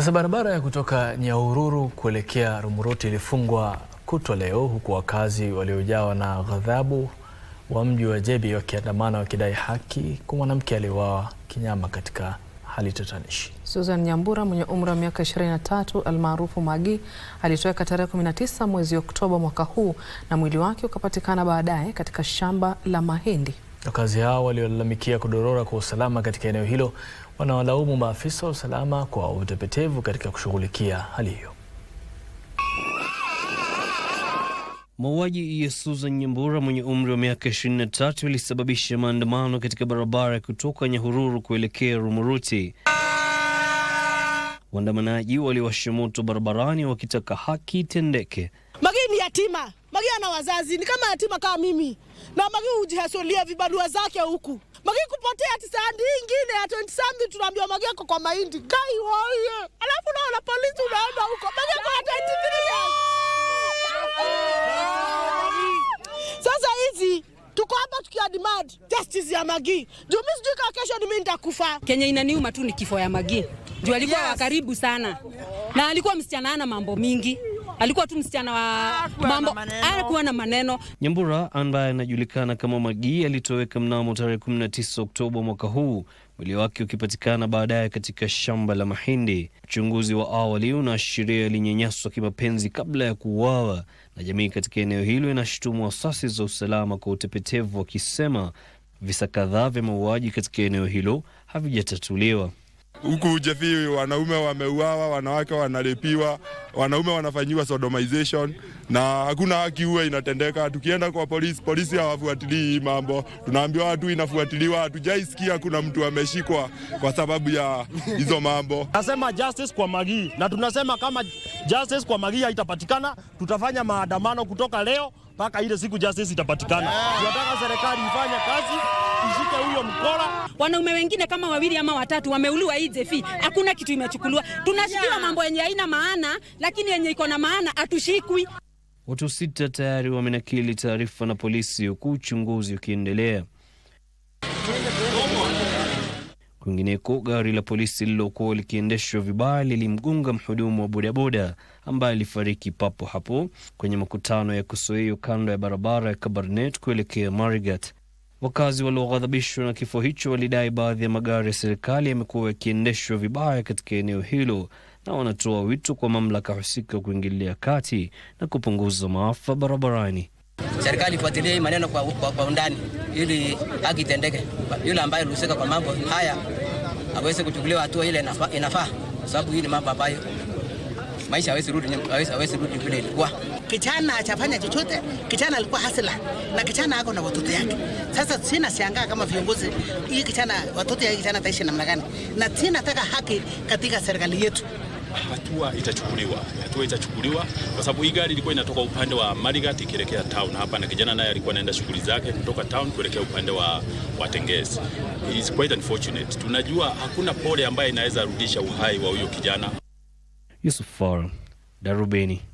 Sasa barabara ya kutoka Nyahururu kuelekea Rumuruti ilifungwa kutwa leo huku wakazi waliojawa na ghadhabu wa mji wa Jebi wakiandamana wakidai haki kwa mwanamke aliyeuawa kinyama katika hali tatanishi. Susan Nyambura mwenye umri wa miaka 23 almaarufu Magi alitoweka tarehe 19 mwezi Oktoba mwaka huu na mwili wake ukapatikana baadaye katika shamba la mahindi. Wakazi hao waliolalamikia kudorora kwa usalama katika eneo hilo wanawalaumu maafisa wa usalama kwa utepetevu katika kushughulikia hali hiyo. Mauaji ya Susan Nyambura mwenye umri wa miaka 23 ilisababisha maandamano katika barabara ya kutoka Nyahururu kuelekea Rumuruti. Waandamanaji waliwasha moto barabarani wakitaka haki itendeke. Magi ni yatima, Magi ana wazazi, ni kama yatima kama mimi na Magi ujihasulia vibarua zake huku. Magi kupotea tisandi ingine ya 20 something tunaambiwa Magi yako kwa mahindi. Kai hoye. Alafu naona polisi unaenda huko. Magi yako ya 23. Sasa hizi tuko hapa tukia demand justice ya Magi. Juu mimi sijui kama kesho mimi nitakufa. Kenya inaniuma tu ni kifo ya Magi. Juu alikuwa yes, wa karibu sana. Na alikuwa msichana ana mambo mingi alikuwa tu msichana wa mambo, alikuwa na maneno. Nyambura ambaye anajulikana kama magii alitoweka mnamo tarehe 19 Oktoba mwaka huu, mwili wake ukipatikana baadaye katika shamba la mahindi. Uchunguzi wa awali unaashiria alinyanyaswa kimapenzi kabla ya kuuawa, na jamii katika eneo hilo inashutumu asasi za usalama kwa utepetevu, wakisema visa kadhaa vya mauaji katika eneo hilo havijatatuliwa huku jefi wanaume wameuawa, wanawake wanalipiwa, wanaume wanafanyiwa sodomization na hakuna haki huwa inatendeka. Tukienda kwa polisi, polisi hawafuatilii hii mambo, tunaambiwa watu inafuatiliwa. Hatujaisikia kuna mtu ameshikwa kwa sababu ya hizo mambo. Nasema justice kwa Magii, na tunasema kama justice kwa Magii haitapatikana tutafanya maandamano kutoka leo mpaka ile siku justice itapatikana. Tunataka serikali ifanye kazi, ishike huyo mkora. Wanaume wengine kama wawili ama watatu wameuliwa hii jefi, hakuna kitu imechukuliwa. Tunashikiwa mambo yenye haina maana, lakini yenye iko na maana hatushikwi. Watu sita tayari wamenakili taarifa na polisi, huku uchunguzi ukiendelea. Kwingineko, gari la polisi lililokuwa likiendeshwa vibaya lilimgonga mhudumu wa bodaboda ambaye alifariki papo hapo kwenye makutano ya Kusoeo kando ya barabara ya Kabarnet kuelekea Marigat. Wakazi walioghadhabishwa na kifo hicho walidai baadhi ya magari ya serikali yamekuwa yakiendeshwa vibaya katika eneo hilo, na wanatoa wito kwa mamlaka husika kuingilia kati na kupunguza maafa barabarani serikali ifuatilie hii maneno kwa, kwa, kwa undani ili haki itendeke. Yule ambaye alihusika kwa mambo haya aweze kuchukuliwa hatua ile inafaa, kwa sababu hii ni mambo ambayo maisha hawezi rudi, hawezi rudi vile ilikuwa. Kijana achafanya chochote, kijana alikuwa hasila na kijana ako na watoto yake. Sasa sina siangaa kama viongozi hii kijana, watoto yake kijana taishi namna gani, na sina taka haki katika serikali yetu hatua itachukuliwa, hatua itachukuliwa kwa sababu hii gari ilikuwa inatoka upande wa Marigat ikielekea town hapa, na kijana naye alikuwa anaenda shughuli zake kutoka town kuelekea upande wa, wa Tengezi. It's quite unfortunate. Tunajua hakuna pole ambaye inaweza rudisha uhai wa huyo kijana. Yusuf Fall, Darubeni.